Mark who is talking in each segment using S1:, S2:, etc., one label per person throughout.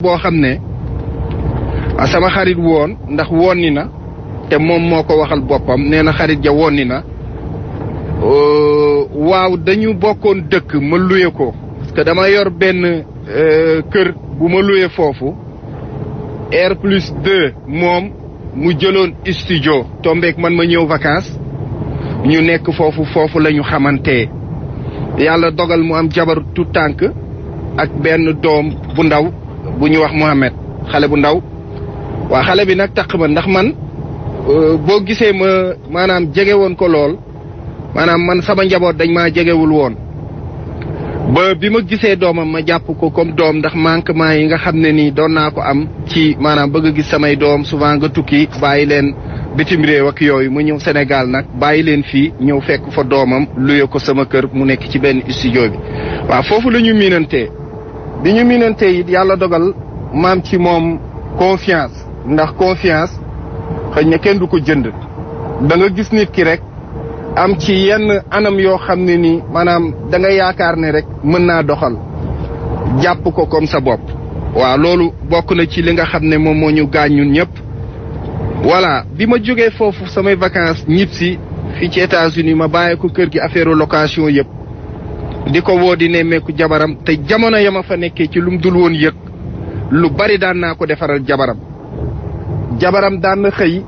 S1: boo xam ne ah, sama xarit woon ndax wonni na te moom moo ko waxal boppam nee na xarit ja wonni na euh, waaw dañu bokkoon dëkk ma luye ko parce dama yor benn euh, kër bu ma luye foofu R plus 2 moom mu jëloon studio tombeek man ma ñëw vacances ñu nekk foofu foofu la ñu xamante yàlla dogal mu am jabar tu tànk ak benn doom bu ndaw bu ñu wax Mohamed xale bu ndaw wa xale bi nak taq ma ndax man euh, bo gisé ma manam jégué won ko lool manam man sama njabot dañ jégué wul won ba bima gisé domam ma japp ko comme dom ndax ma yi nga xamné ni do na ko am ci manam bëgg gis samay dom souvent nga tukki bayi len bitim rew ak yoy mu ñew senegal nak bayi len fi ñew fekk fa domam luyé ko sama kër mu nekk ci ben studio bi wa fofu lañu minanté bi ñu minante it yàlla dogal maam ci moom confiance ndax confiance xëy na kenn du ko jënd da nga gis nit ki rek am ci yenn anam yoo xam ne nii maanaam da nga yaakaar ne rek mën naa doxal jàpp ko comme sa bopp waaw loolu bokk na ci li nga xam ne moom moo ñu gaañ ñun ñëpp voilà bi ma jógee foofu samay vacances ñibbisi fi ci États-Unis ma bàyyi ko kër gi affaire location yëpp di ko woo di nemmeeku jabaram te jamono ya ma fa nekkee ci lum dul woon yëg lu bari daan naa ko defaral jabaram jabaram daan na xëy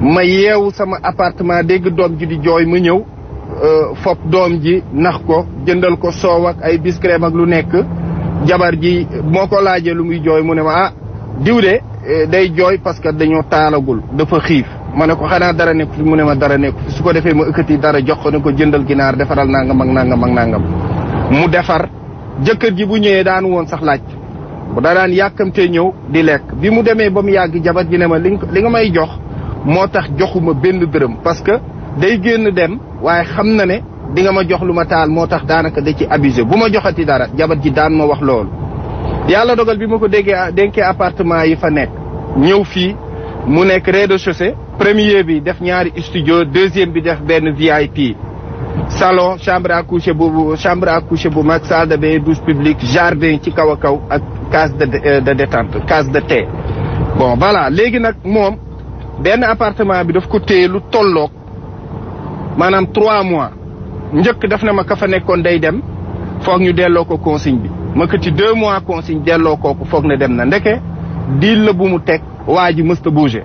S1: ma yeewu sama appartement dégg doom ji di jooy ma ñëw euh, fop doom ji nax ko jëndal ko soowak ay biscrème ak lu nekk jabar ji moo ko laajee lu muy jooy mu ne ma ah diw de euh, day jooy parce que dañoo taalagul dafa xiif ma ne ko xanaa dara nek fi mu ma dara nek fi su ko defee ma ëkkati dara jox ko ne ko jëndal ginaar defaral nangam ak nangam ak nangam mu defar jëkkër ji bu ñëwee daan woon sax laaj bu daan ñëw di lekk bi mu démé bam jabat ji ne ma li nga may jox moo tax joxuma benn dërëm parce que day dem waye xam na ne di nga ma jox luma buma taal moo tax daanaka da ci abuser bu ma joxati dara jabat ji daan ma wax lool yalla dogal bi mako ko déggee appartement yi fa nek ñëw fi mu nek rez chaussée premier bi def ñaari studio deuxième bi def benn VIP salon chambre à coucher bu chambre à bu mag salle de bain publique jardin ci kaw a kaw ak case de euh, de détente case de thé. bon voilà léegi nag moom benn appartement bi daf ko téye lu tolloog maanaam trois mois njëkk daf na ma ka fa nekkoon day dem foog ñu delloo ko consigne bi ma ko ci deux mois consigne delloo kooku foog ne dem na ndeke diil la bu mu teg waa ji mësta bouger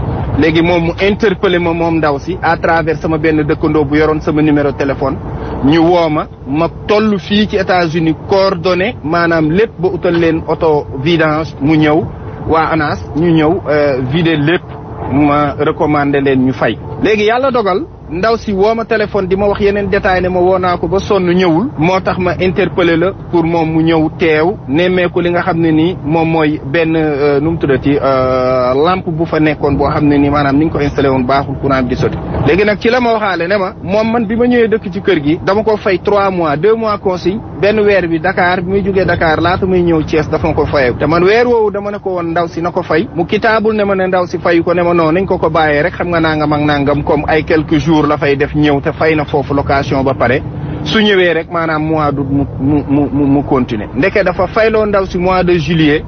S1: léegi moom mu interpellé ma moom ndaw si à travers sama benn dëkkandoo bu yoroon sama numéro téléphone ñu woo ma ma toll fii ci États-Unis coordonné maanaam lépp ba utal leen auto vidange mu ñëw waa ANAS ñu ñëw euh, vider lépp ma recommandé leen ñu fay léegi yàlla dogal ndaw si woo ma téléphone di ma wax yeneen détail ne ma woo naa ko ba sonn ñëwul moo tax ma interpellé la pour moom mu ñëw teew nemmeeku li nga xam ne nii moom mooy benn euh, nu mu tuddati euh, lampe bu fa nekkoon boo xam ne nii maanaam ni ñu ko installé woon baaxul courant bi di sotti léegi nag ci la ma waxaale ne ma moom man bi ma ñëwee dëkk ci kër gi dama ko fay trois mois deux mois consigne benn weer bi bi muy jógee Dakar laata muy ñëw Thiès dafa ko fayew te weer woowu dama ne ko woon ndaw si na ko fay mu kitaabul ne ma ne ndaw si ko ne ma non nañ ko ko bàyyee rek xam nga nangam ak nangam comme ay quelques jours la fay def ñëw te fay na foofu location ba pare su ñëwee rek maanaam mois d'août mu mu mu mu continuer ndeke dafa fayloo ndaw si mois de juillet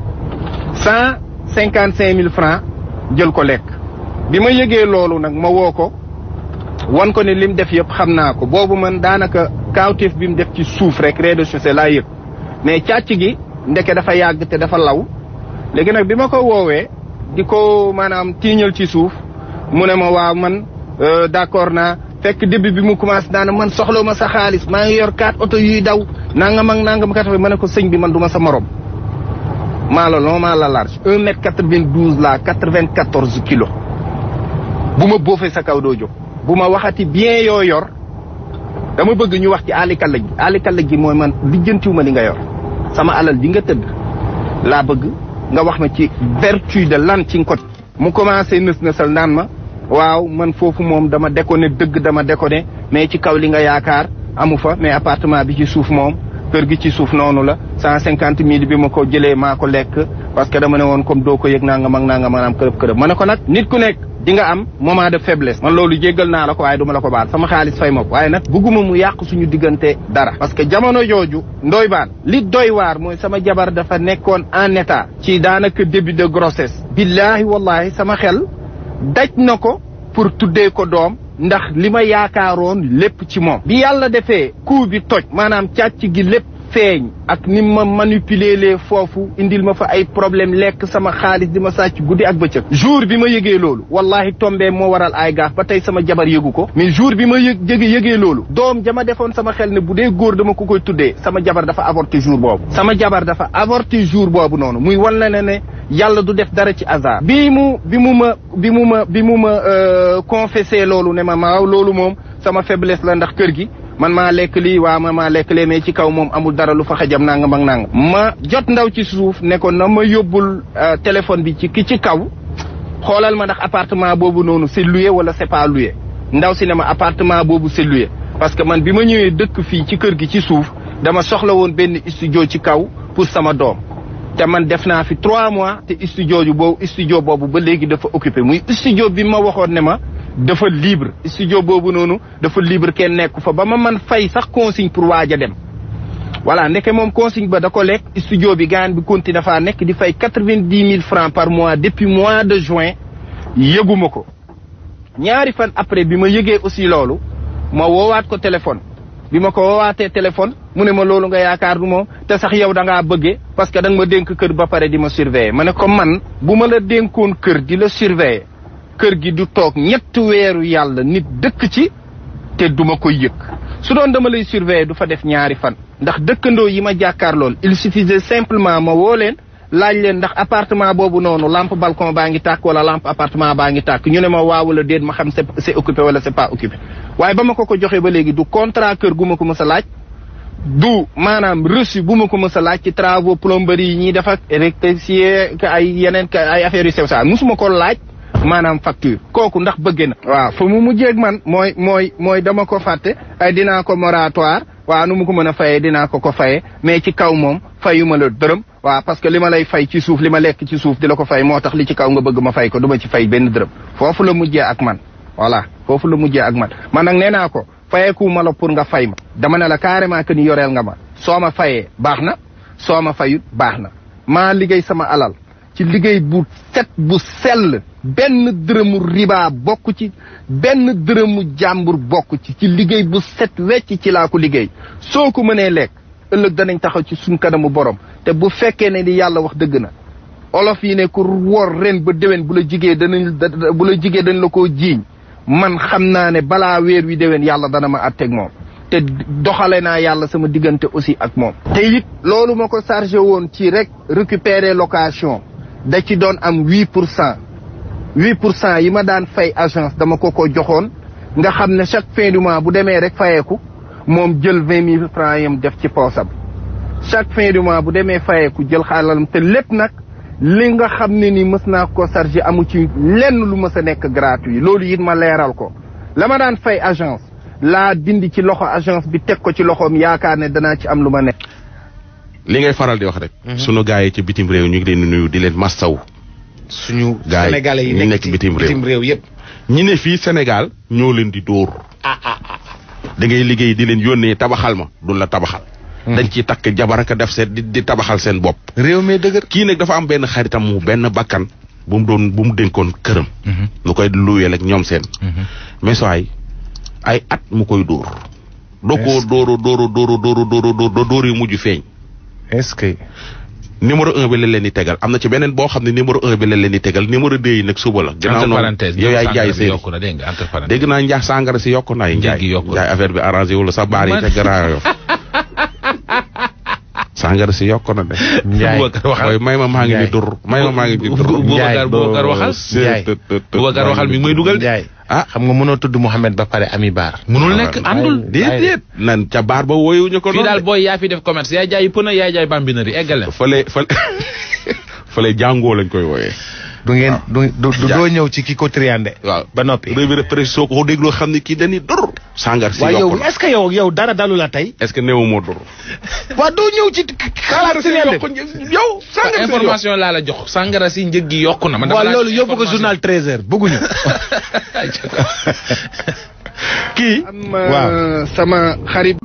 S1: cent cinquante cinq mille francs jël ko lekk bi ma yëgee loolu nag ma woo ko wan ko ne lim def yëpp xamna ko bobu man danaka kaawteef bim def ci souf rek re de chaussée la yëg mais tiatch gi ndeke dafa yag te dafa law legi nak bima ko wowe di manam maanaam ci souf munema wa man euh d'accord na fekk debbi bi mu commence naa man soxlo ma sa xaalis ma ngi yor quatre auto yuy daw nangam ak nangam kat ma ne ko sëñ bi man duma sa morom mala no mala large 1m92 la 94 kg buma bofé sa kaw do jox Buma waxati bien yo yor dama bëgg ñu wax ci alikalla gi alikalla gi moy man li nga yor sama alal di nga tëdd la bëgg nga wax ma ci vertu de lan ci ko mu commencé nës nësal naan ma waaw man fofu mom dama déconné dëgg dama déconné mais ci kaw li nga yaakaar amu fa mais appartement bi ci suuf mom kër gi ci suuf nonu la cent bi ma ko jëlee maa ko lekk parce que dama ne comme doo ko yëg nangam ak nangam kërëb kërëb ko nag nit ku nekk di nga am moment de faiblesse man loolu jéggal naa la ko waaye duma la ko baal sama xaalis fay ma ko waaye nag bugguma mu yàq suñu diggante dara parce que jamono jooju ndoy li doy waar mooy sama jabar dafa nekkoon en état ci daanaka début de grossesse billaahi wallahi sama xel daj na ko pour tuddee ko doom ndax li ma yaakaaroon lépp ci moom bi yàlla defee coup bi toj maanaam càcc gi lépp feeñ ak ni ma manipuler lee foofu indil ma fa ay problème lekk sama xaalis di ma sàcc guddi ak bëccëg jour bi ma yëgee loolu wallahi tombee moo waral ay gaaf ba tey sama jabar yëgu ko mais jour bi ma yëg jëge yëgee loolu doom jama defoon sama xel ne bu dee góor dama ko koy tuddee sama jabar dafa avorté jour boobu sama jabar dafa avorté jour boobu noonu muy wan na ne ne yàlla du def dara ci hasard bi mu bi mu ma bi mu ma bi mu ma euh, confessé loolu ne ma maaw loolu moom sama faiblesse la ndax kër gi man maa lekk lii waa man maa lekk le mais ci kaw moom amul dara lu fa xajam nanga mag nanga ma jot ndaw ci suuf ne ko na ma yóbbul euh, téléphone bi ci ki ci kaw xoolal ma ndax apartement boobu noonu c'est loué wala c'est pas ndaw si ne ma appartement boobu c'est loué parce que man bi ma ñëwee dëkk fii ci kër gi ci suuf dama soxla woon benn studio ci kaw pour sama doom te man def naa fi trois mois te studio ju boobu boobu ba léegi dafa occuper muy studio bi ma waxoon ne ma. dafa libre studio boobu noonu dafa libre kenn nekku fa ba ma man fay sax consigne pour waaja a dem voilà ndeke moom consigne ba da ko lekk studio bi gaan bi continué faa nekk di fay quatre-vingt-dix mille francs par mois depuis mois de juin yëguma ko ñaari fan après bi ma yëgee aussi loolu ma woowaat ko téléphone bi ma ko woowaatee téléphone mu ne ma loolu nga yaakaar du moom te sax yow da ngaa bëggee parce que da nga ma dénk kër ba pare di ma surveiller ma ne ko man bu ma la dénkoon kër di la surveiller kër gi du toog ñett weeru yàlla nit dëkk ci te duma ko yëg su doon dama lay surveiller du fa def ñaari fan ndax dëkkandoo yi ma jàkkaar lool il suffisait simplement ma woo leen laaj leen ndax appartement boobu noonu lampe balcon baa ngi tàkk wala lampe appartement baa ngi tàkk ñu ne ma waaw la déet ma xam c' est occupé wala c' est pas occupé waaye ba ma ko ko joxee ba léegi du contrat kër gu ko laaj du maanaam reçu bu ma ko mës a laaj ci travaux plomberie yi ñuy def ak électricien ay yeneen ay affaire yu sew saa musuma ko laaj manam facture kooku ndax bëgg na waaw fa mu mujjeeg man moy mooy mooy dama ko fàtte ay dinaa ko moratoire waaw nu mu ko mën a fayee dinaa ko ko fayee mais ci kaw moom fayuma la dërëm waaw parce que li lay fay ci suuf li ma ci di ko fay li ci kaw nga bëgg ma fay ko du ci fay benn dërëm foofu la mujjee ak man voilà foofu la mujjee ak man man nag nee ko fayeeku ma la pour nga fay ma dama ne la carrément que ni yoreel nga ma soo ma liggéey sama alal ci liggéey bu set bu sell benn dërëmu riba bokk ci benn dërëmu jàmbur bokk ci ci liggéey bu set wecc ci laa ko liggéey soo ko mënee lekk ëllëg danañ taxaw ci suñ kanamu borom te bu fekkee ne ni yàlla wax dëgg na olof yi ne ku wor ren ba déwén bu la jigee danañ bu la jigee dañ la koo jiiñ man xam naa ne balaa weer wi déwén yàlla dana ma àtteeg moom te doxale naa yàlla sama diggante aussi ak moom te it loolu ma ko chargé woon ci rek récupérer location da ci doon am huit pour cent huit pour cent yi ma daan fay agence dama ko ko joxoon nga xam ne chaque fin du bu demee rek fayeeku moom jël vingt mille francs yam def ci poosam chaque fin du bu demee fayeeku jël xaalalam te lépp nag li nga xam ne ni mës naa ko amu ci lenn lu mës a nekk gratuit loolu it ma leeral ko la ma daan fay agence laa dindi ci loxo agence bi teg ko ci loxoom yaakaar ne danaa ci am lu ma nekk
S2: li ngay faral di wax rek. Mhm. sunu gaay ci bitim rew ñu ngi leen nuyu di leen massaw suñu sénégalais yi nekk bitim rew bitim rew yépp ñi ne fi Sénégal ñoo leen di door ah, ah, ah, da ngay liggéey di leen yónnee tabaxal ma du la tabaxal. Mhm. dañ ci tak jabaraka def set di di tabaxal seen bop rew me dëgër ki nek dafa am ben xaritam mu ben bakkan bu mu doon bu mu denkon kërëm mhm. lu koy luweel ak ñom seen. mais so ay ay at mu koy doro doro doro doro doro doro doro doro doro doro yu mujj feeñ. est-ce que. numéro un bi la leen di tegal am na ci beneen boo xam ne numéro un bi la leen di tegal numéro deux yi nag suba la. gannaaw noonu yow yaay jaay seen yokku na dégg nga entre parenthèse dégg naa njaa si yokku na ay njaay njaay affaire bi arrangé wu la sa baar si yokku na njaay may ma maa ngi ni dur may ma maa ngi ni dur. njaay boo Boubacar waxal. njaay ah xam nga mënoo tudd Mouhamed ba pare ami baar. mënul nekk àndul déedéet nan ca baar ba wooyuñu ko. fii daal booy yaa fi def commerce yaay jaay pënë yaay jaay bambinari eggale. fële fële fële jàngoo lañ koy wooyee. du ngeen du du doo ñëw ci ki ko triandé waaw ba noppi revue de presse soo ko dégloo xam ne kii dur sangar si yow est ce yow yow dara dalu la tey est ce que néew moo dur waa doo ñëw ci xalaat triandé yow sangar si information laa la jox sangara si njëg gi yokku na waaw loolu yóbbu ko journal 13 heures bëgguñu kii euh,
S1: waaw sama xarit